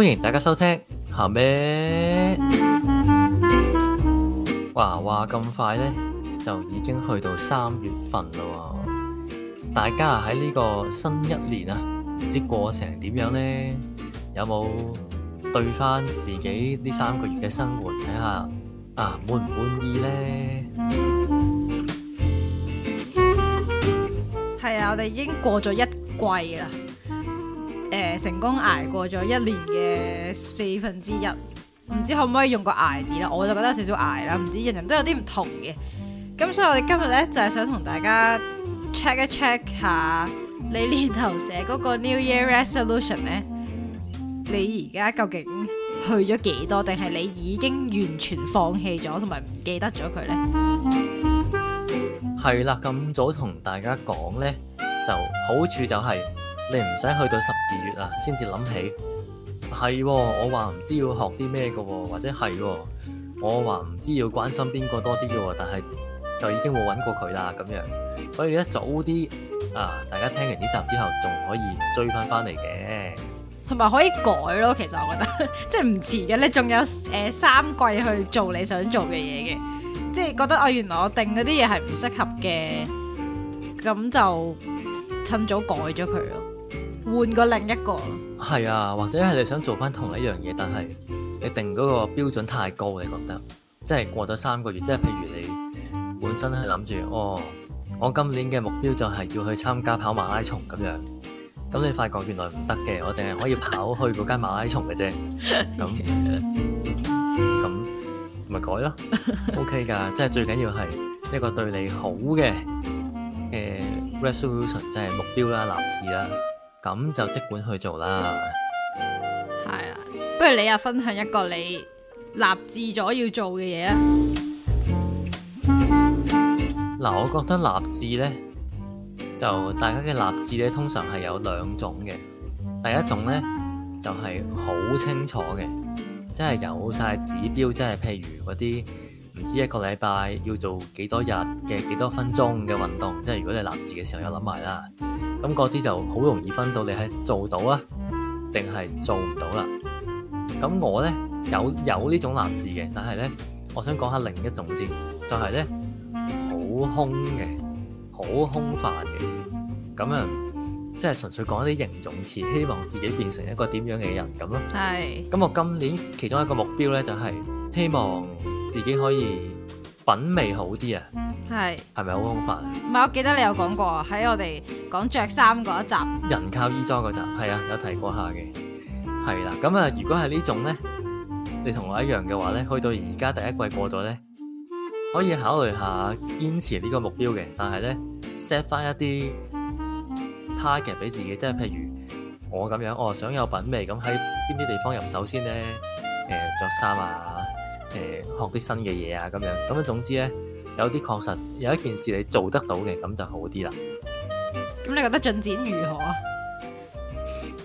歡迎大家收聽，下咩？哇哇咁快咧就已經去到三月份啦！大家喺呢個新一年啊，唔知過成點樣咧？有冇對翻自己呢三個月嘅生活睇下，啊滿唔滿意咧？係啊，我哋已經過咗一季啦。誒、呃，成功捱過咗一年嘅四分之一，唔知可唔可以用個捱字呢？我就覺得有少少捱啦，唔知人人都有啲唔同嘅。咁所以我哋今日呢，就係、是、想同大家 check 一 check 下你年頭寫嗰個 New Year Resolution 呢，你而家究竟去咗幾多，定係你已經完全放棄咗同埋唔記得咗佢呢？係啦，咁早同大家講呢，就好處就係、是。你唔使去到十二月啊，先至諗起係、哦，我話唔知要學啲咩嘅，或者係、哦，我話唔知要關心邊個多啲嘅，但係就已經冇揾過佢啦咁樣。所以咧早啲啊，大家聽完呢集之後，仲可以追翻翻嚟嘅，同埋可以改咯。其實我覺得即係唔遲嘅，你仲有誒三季去做你想做嘅嘢嘅，即係覺得哦，原來我定嗰啲嘢係唔適合嘅，咁就趁早改咗佢咯。換個另一個，係啊，或者係你想做翻同一樣嘢，但係你定嗰個標準太高，你覺得，即係過咗三個月，即係譬如你本身係諗住，哦，我今年嘅目標就係要去參加跑馬拉松咁樣，咁你發覺原來唔得嘅，我淨係可以跑去嗰間馬拉松嘅啫，咁咁咪改咯 ，OK 㗎，即係最緊要係一個對你好嘅誒 resolution，即係目標啦、立志啦。咁就即管去做啦。係啊，不如你啊分享一個你立志咗要做嘅嘢啦。嗱，我覺得立志呢，就大家嘅立志呢，通常係有兩種嘅。第一種呢，就係好清楚嘅，即係有晒指標，即係譬如嗰啲唔知一個禮拜要做幾多日嘅幾多分鐘嘅運動，即係如果你立志嘅時候有諗埋啦。咁嗰啲就好容易分到你係做到啊，定係做唔到啦。咁我咧有有呢種立志嘅，但係咧，我想講下另一種先，就係咧好空嘅，好空泛嘅，咁樣即係純粹講一啲形容詞，希望自己變成一個點樣嘅人咁咯。係。咁我今年其中一個目標咧，就係、是、希望自己可以品味好啲啊。係，係咪好空泛？唔係，我記得你有講過，喺我哋講着衫嗰一集，人靠衣裝嗰集，係啊，有提過一下嘅，係啦。咁啊，如果係呢種咧，你同我一樣嘅話咧，去到而家第一季過咗咧，可以考慮下堅持呢個目標嘅。但係咧，set 翻一啲 target 俾自己，即係譬如我咁樣，我想有品味，咁喺邊啲地方入手先咧？誒、呃，着衫啊，誒、呃，學啲新嘅嘢啊，咁樣。咁啊，總之咧。有啲確實有一件事你做得到嘅，咁就好啲啦。咁你覺得進展如何啊？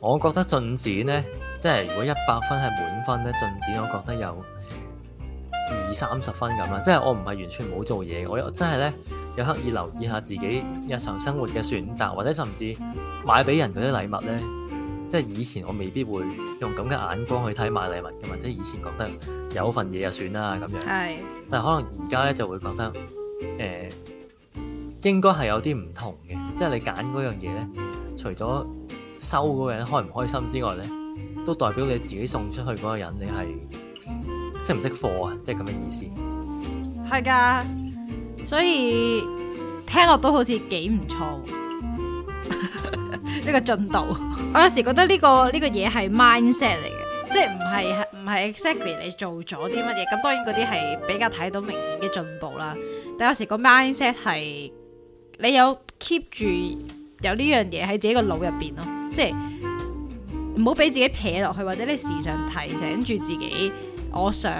我覺得進展呢，即係如果一百分係滿分呢，進展我覺得有二三十分咁啊！即係我唔係完全冇做嘢，我真係呢，有刻意留意下自己日常生活嘅選擇，或者甚至買俾人嗰啲禮物呢。即係以前我未必會用咁嘅眼光去睇買禮物咁，或者以前覺得有份嘢就算啦咁樣。係，但係可能而家咧就會覺得，誒、呃，應該係有啲唔同嘅。即係你揀嗰樣嘢咧，除咗收嗰個人開唔開心之外咧，都代表你自己送出去嗰個人你係識唔識貨啊？即係咁嘅意思。係噶，所以聽落都好似幾唔錯，呢 個進度。我有時覺得呢個呢個嘢係 mindset 嚟嘅，即係唔係唔係 exactly 你做咗啲乜嘢，咁當然嗰啲係比較睇到明顯嘅進步啦。但有時個 mindset 係你有 keep 住有呢樣嘢喺自己個腦入邊咯，即係唔好俾自己撇落去，或者你時常提醒住自己，我想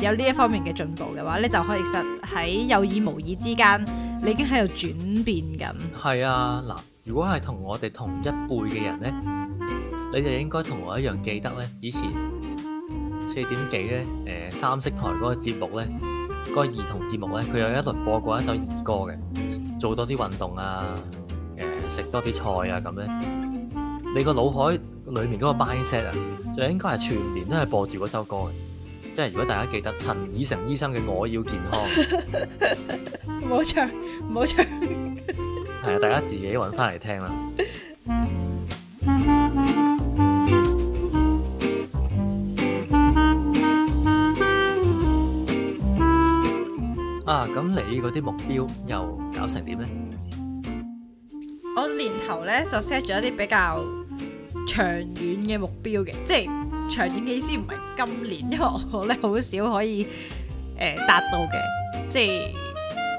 有呢一方面嘅進步嘅話，你就可以實喺有意無意之間，你已經喺度轉變緊。係啊，嗱。如果係同我哋同一輩嘅人咧，你就應該同我一樣記得咧，以前四點幾咧，誒三色台嗰個節目咧，嗰、嗰個兒童節目咧，佢有一輪播過一首兒歌嘅，做多啲運動啊，誒食多啲菜啊咁咧，你個腦海裡面嗰個 brainset 啊，就應該係全年都係播住嗰首歌嘅，即係如果大家記得陳以誠醫生嘅我要健康，唔好唱，唔好唱。大家自己搵翻嚟聽啦。啊，咁、 啊、你嗰啲目標又搞成點咧？我年頭咧就 set 咗一啲比較長遠嘅目標嘅，即係長遠嘅意思唔係今年，因為我咧好少可以誒、呃、達到嘅，即係。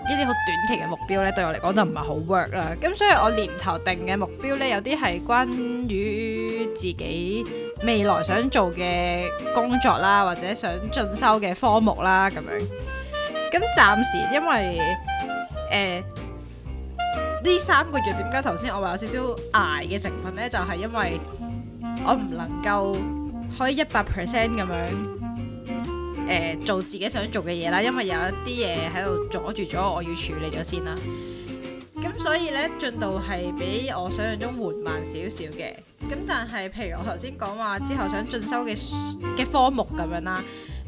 呢啲好短期嘅目標咧，對我嚟講就唔係好 work 啦。咁所以我年頭定嘅目標咧，有啲係關於自己未來想做嘅工作啦，或者想進修嘅科目啦咁樣。咁暫時因為誒呢三個月，點解頭先我話有少少捱嘅成分咧，就係因為我唔能夠可以一百 percent 咁樣。誒、呃，做自己想做嘅嘢啦，因為有一啲嘢喺度阻住咗，我要處理咗先啦。咁所以呢，進度係比我想象中緩慢少少嘅。咁但係，譬如我頭先講話之後想進修嘅嘅科目咁樣啦，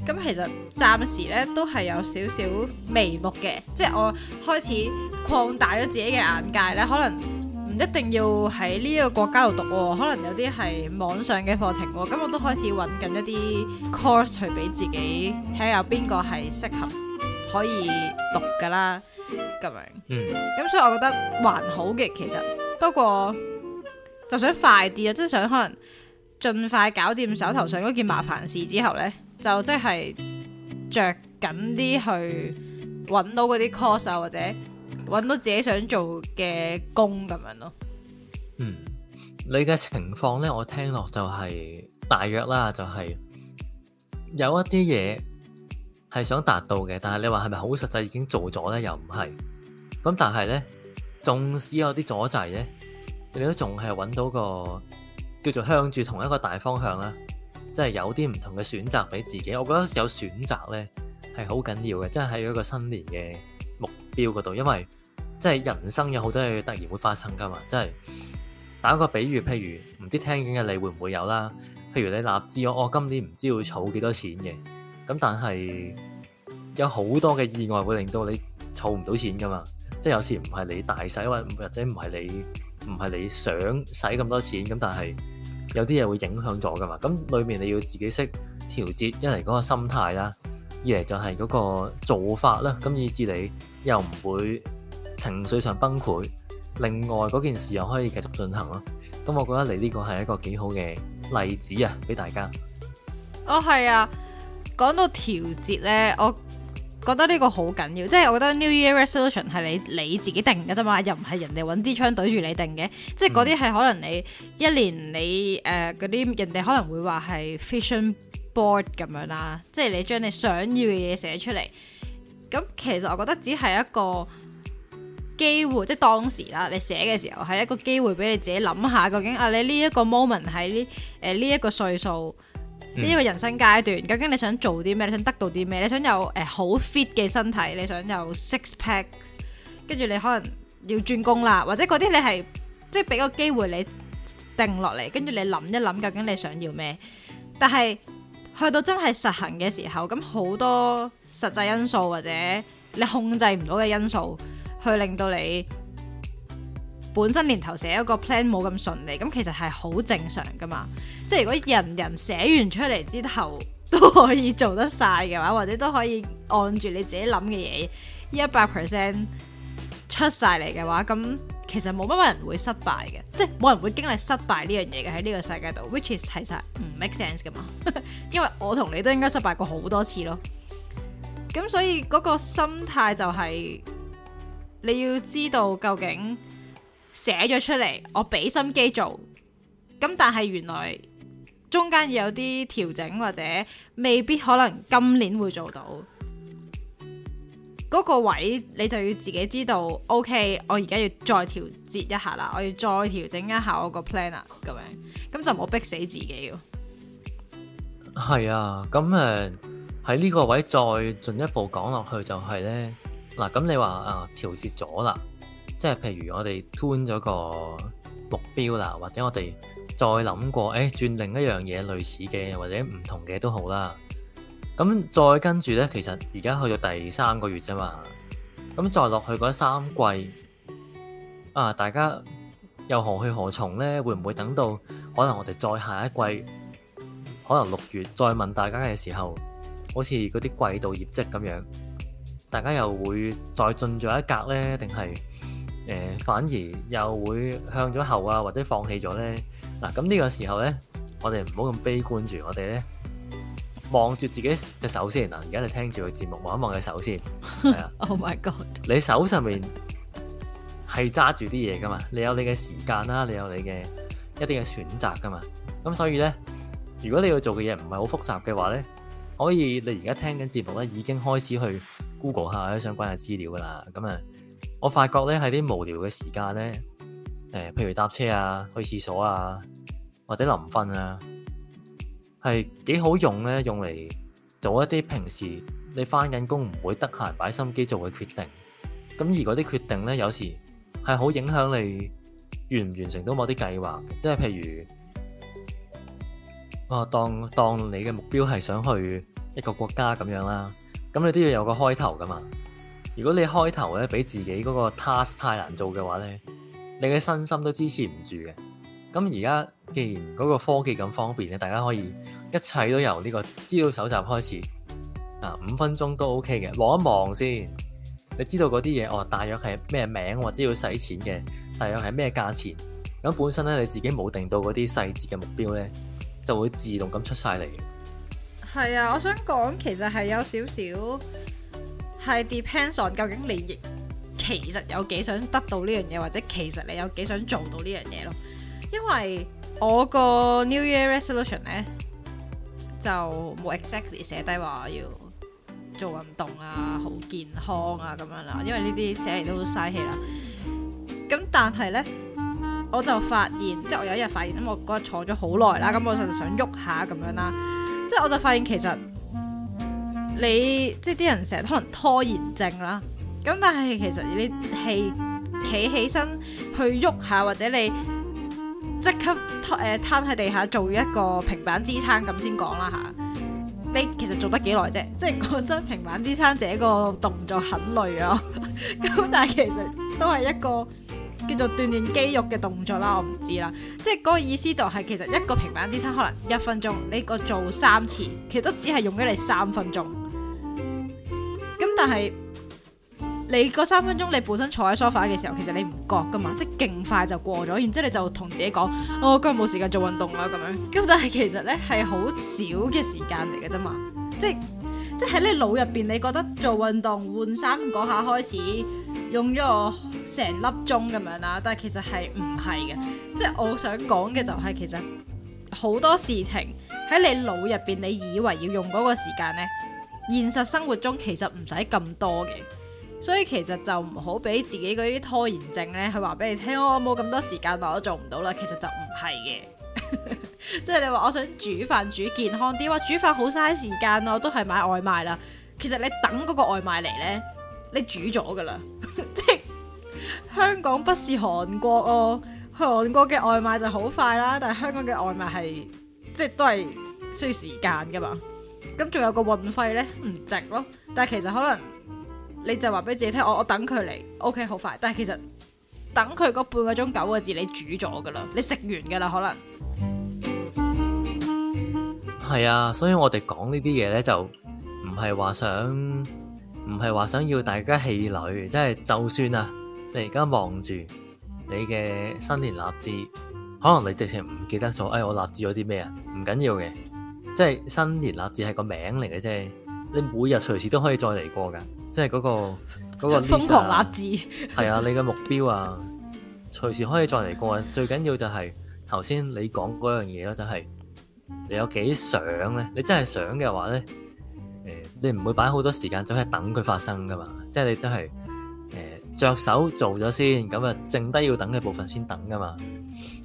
咁其實暫時呢都係有少少眉目嘅，即係我開始擴大咗自己嘅眼界呢，可能。一定要喺呢一個國家度讀喎，可能有啲係網上嘅課程喎，咁我都開始揾緊一啲 course 去俾自己睇下有邊個係適合可以讀噶啦，咁樣。嗯。咁、嗯、所以我覺得還好嘅，其實不過就想快啲啊，即係想可能盡快搞掂手頭上嗰件麻煩事之後呢，就即係着緊啲去揾到嗰啲 course 啊或者。揾到自己想做嘅工咁樣咯。嗯，你嘅情況咧，我聽落就係大約啦，就係有一啲嘢係想達到嘅，但係你話係咪好實際已經做咗咧？又唔係。咁但係咧，縱使有啲阻滯咧，你都仲係揾到個叫做向住同一個大方向啦。即係有啲唔同嘅選擇俾自己，我覺得有選擇咧係好緊要嘅，即係喺一個新年嘅。標嗰度，因為即係人生有好多嘢突然會發生噶嘛，即係打個比喻，譬如唔知聽緊嘅你會唔會有啦，譬如你立志我今年唔知會儲幾多錢嘅，咁但係有好多嘅意外會令到你儲唔到錢噶嘛，即係有時唔係你大使，或或者唔係你唔係你想使咁多錢，咁但係有啲嘢會影響咗噶嘛，咁裏面你要自己識調節，因為嗰個心態啦。二嚟就係嗰個做法啦，咁以至你又唔會情緒上崩潰，另外嗰件事又可以繼續進行咯。咁我覺得你呢個係一個幾好嘅例子啊，俾大家。哦，係啊，講到調節咧，我覺得呢個好緊要。即係我覺得 New Year Resolution 係你你自己定嘅啫嘛，又唔係人哋揾支槍對住你定嘅，嗯。即係嗰啲係可能你一年你誒嗰啲人哋可能會話係 fashion。board 咁樣啦，即係你將你想要嘅嘢寫出嚟，咁其實我覺得只係一個機會，即係當時啦，你寫嘅時候係一個機會俾你自己諗下，究竟啊你呢一個 moment 喺呢誒呢一個歲數，呢、嗯、一個人生階段，究竟你想做啲咩，你想得到啲咩，你想有誒好、呃、fit 嘅身體，你想有 six packs，跟住你可能要轉工啦，或者嗰啲你係即係俾個機會你定落嚟，跟住你諗一諗究竟你想要咩，但係。去到真係實行嘅時候，咁好多實際因素或者你控制唔到嘅因素，去令到你本身年頭寫一個 plan 冇咁順利，咁其實係好正常噶嘛。即係如果人人寫完出嚟，之後都可以做得晒嘅話，或者都可以按住你自己諗嘅嘢，一百 percent 出晒嚟嘅話，咁。其實冇乜人會失敗嘅，即係冇人會經歷失敗呢樣嘢嘅喺呢個世界度，which is 其實唔 make sense 噶嘛， 因為我同你都應該失敗過好多次咯。咁所以嗰個心態就係、是、你要知道究竟寫咗出嚟，我俾心機做，咁但係原來中間要有啲調整或者未必可能今年會做到。嗰個位你就要自己知道，OK，我而家要再調節一下啦，我要再調整一下我個 plan 啦，咁樣咁就唔好逼死自己咯。係啊，咁誒喺呢個位再進一步講落去就係咧，嗱，咁你話啊調節咗啦，即係譬如我哋 tune 咗個目標啦，或者我哋再諗過，誒轉另一樣嘢類似嘅或者唔同嘅都好啦。咁再跟住呢，其實而家去到第三個月啫嘛，咁再落去嗰三季啊，大家又何去何從呢？會唔會等到可能我哋再下一季，可能六月再問大家嘅時候，好似嗰啲季度業績咁樣，大家又會再進咗一格呢？定係、呃、反而又會向咗後啊，或者放棄咗呢？嗱，咁呢個時候呢，我哋唔好咁悲觀住我哋呢。望住自己隻手先啊！而家你聽住個節目，望一望你手先。 係啊！Oh my god！你手上面係揸住啲嘢噶嘛？你有你嘅時間啦，你有你嘅一啲嘅選擇噶嘛？咁所以咧，如果你要做嘅嘢唔係好複雜嘅話咧，可以你而家聽緊節目咧，已經開始去 Google 下啲相關嘅資料噶啦。咁啊，我發覺咧，喺啲無聊嘅時間咧，誒，譬如搭車啊、去廁所啊，或者臨瞓啊。係幾好用呢？用嚟做一啲平時你返緊工唔會得閒擺心機做嘅決定。咁而嗰啲決定呢，有時係好影響你完唔完成到某啲計劃。即係譬如，啊、哦，當當你嘅目標係想去一個國家咁樣啦，咁你都要有個開頭㗎嘛。如果你開頭呢畀自己嗰個 task 太難做嘅話呢，你嘅身心都支持唔住嘅。咁而家既然嗰個科技咁方便咧，大家可以一切都由呢個資料搜集開始啊。五分鐘都 OK 嘅，望一望先，你知道嗰啲嘢哦，大約係咩名或者要使錢嘅，大約係咩價錢。咁本身咧你自己冇定到嗰啲細節嘅目標咧，就會自動咁出晒嚟。係啊，我想講其實係有少少係 depends on 究竟你其實有幾想得到呢樣嘢，或者其實你有幾想做到呢樣嘢咯。因為我個 New Year Resolution 咧就冇 exactly 寫低話要做運動啊，好健康啊咁樣啦。因為呢啲寫嚟都嘥氣啦。咁但係咧，我就發現，即係我有一日發現，咁我嗰日坐咗好耐啦，咁我就想喐下咁樣啦。即係我就發現其實你即係啲人成日可能拖延症啦。咁但係其實你係企起身去喐下，或者你。即刻攤，誒攤喺地下做一個平板支撐，咁先講啦，嚇，你其實做得幾耐啫？即係講真，平板支撐這個動作很累啊，咁但係其實都係一個叫做鍛煉肌肉嘅動作啦，我唔知啦。即係嗰個意思就係其實一個平板支撐可能一分鐘，你個做三次，其實都只係用咗你三分鐘。咁但係。你嗰三分鐘，你本身坐喺 sofa 嘅時候，其實你唔覺噶嘛，即係勁快就過咗。然之後你就同自己講：哦，今日冇時間做運動啊咁樣。咁但係其實咧係好少嘅時間嚟嘅啫嘛，即係即係喺你腦入邊，你覺得做運動換衫嗰下開始用咗我成粒鐘咁樣啦。但係其實係唔係嘅，即係我想講嘅就係，其實好多事情喺你腦入邊，你以為要用嗰個時間咧，現實生活中其實唔使咁多嘅。所以其實就唔好俾自己嗰啲拖延症咧，去話俾你聽，哦，我冇咁多時間，我都做唔到啦。其實就唔係嘅，即係你話我想煮飯煮健康啲，話煮飯好嘥時間，我都係買外賣啦。其實你等嗰個外賣嚟呢，你煮咗噶啦。即 係香港不是韓國哦，韓國嘅外賣就好快啦，但係香港嘅外賣係即係都係需要時間噶嘛。咁仲有一個運費呢，唔值咯，但係其實可能。你就話俾自己聽，我我等佢嚟，OK，好快。但係其實等佢個半個鐘九個字，你煮咗噶啦，你食完噶啦，可能係啊。所以我哋講呢啲嘢咧，就唔係話想，唔係話想要大家氣餒。即係就算啊，你而家望住你嘅新年立志，可能你直情唔記得咗。哎，我立志咗啲咩啊？唔緊要嘅，即係新年立志係個名嚟嘅啫。你每日隨時都可以再嚟過㗎，即係嗰、那個嗰個瘋狂立志係啊！你嘅目標啊， 隨時可以再嚟過。最緊要就係頭先你講嗰樣嘢啦，就係、是、你有幾想咧？你真係想嘅話咧、呃，你唔會擺好多時間都係、就是、等佢發生噶嘛？即係你真係誒着手做咗先，咁啊，剩低要等嘅部分先等噶嘛。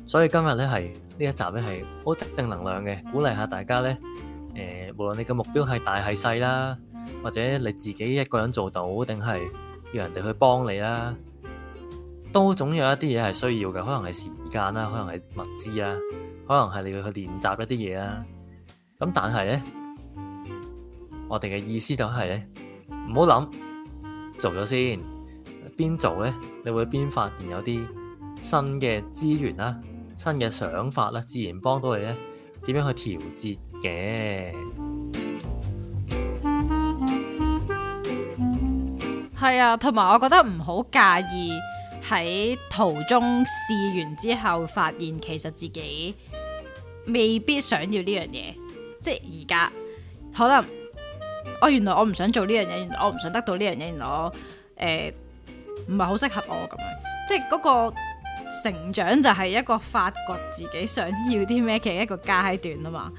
所以今日咧係呢一集咧係好正能量嘅，鼓勵下大家咧。誒，無論你嘅目標係大係細啦，或者你自己一個人做到，定係要人哋去幫你啦，都總有一啲嘢，係需要嘅，可能係時間啦，可能係物資啦，可能係你要去練習一啲嘢啦。咁但係咧，我哋嘅意思就係咧，唔好諗，做咗先，邊做咧，你會邊發現有啲新嘅資源啦、新嘅想法啦，自然幫到你咧，點樣去調節。嘅係啊，同埋我覺得唔好介意喺途中試完之後，發現其實自己未必想要呢樣嘢。即係而家可能我、哦、原來我唔想做呢樣嘢，原來我唔想得到呢樣嘢，原來我唔係好適合我咁樣。即係嗰個成長就係一個發覺自己想要啲咩嘅一個階段啊嘛。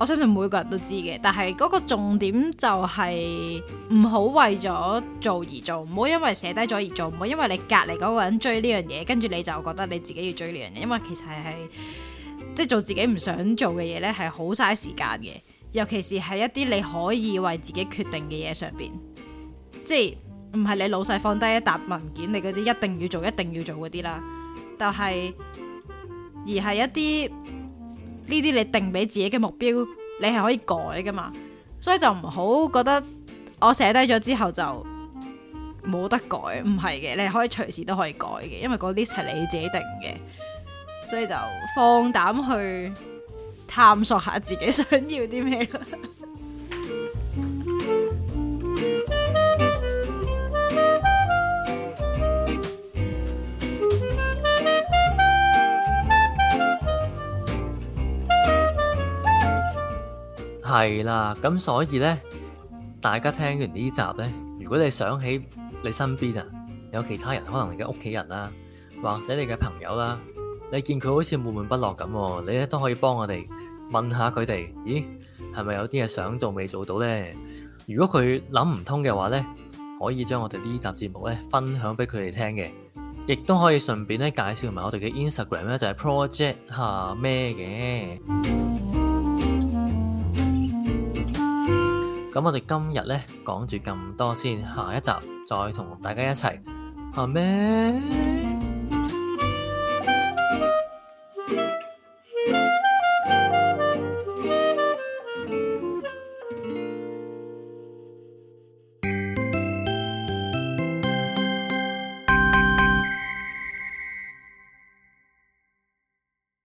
我相信每個人都知嘅，但係嗰個重點就係唔好為咗做而做，唔好因為寫低咗而做，唔好因為你隔離嗰個人追呢樣嘢，跟住你就覺得你自己要追呢樣嘢，因為其實係即係做自己唔想做嘅嘢呢，係好嘥時間嘅，尤其是係一啲你可以為自己決定嘅嘢上面，即係唔係你老細放低一沓文件，你嗰啲一定要做、一定要做嗰啲啦，但係而係一啲。呢啲你定俾自己嘅目標，你係可以改噶嘛？所以就唔好覺得我寫低咗之後就冇得改，唔係嘅，你可以隨時都可以改嘅，因為個 list 係你自己定嘅，所以就放膽去探索下自己想要啲咩。係啦，咁所以呢，大家聽完呢集呢，如果你想起你身邊啊有其他人，可能你嘅屋企人啦，或者你嘅朋友啦，你見佢好似悶悶不樂咁，你咧都可以幫我哋問下佢哋，咦，係咪有啲嘢想做未做到呢？如果佢諗唔通嘅話呢，可以將我哋呢集節目呢，分享俾佢哋聽嘅，亦都可以順便咧介紹埋我哋嘅 Instagram 咧，就係 Project 下咩嘅。咁我哋今日呢，講住咁多先，下一集再同大家一齊，嚇咩？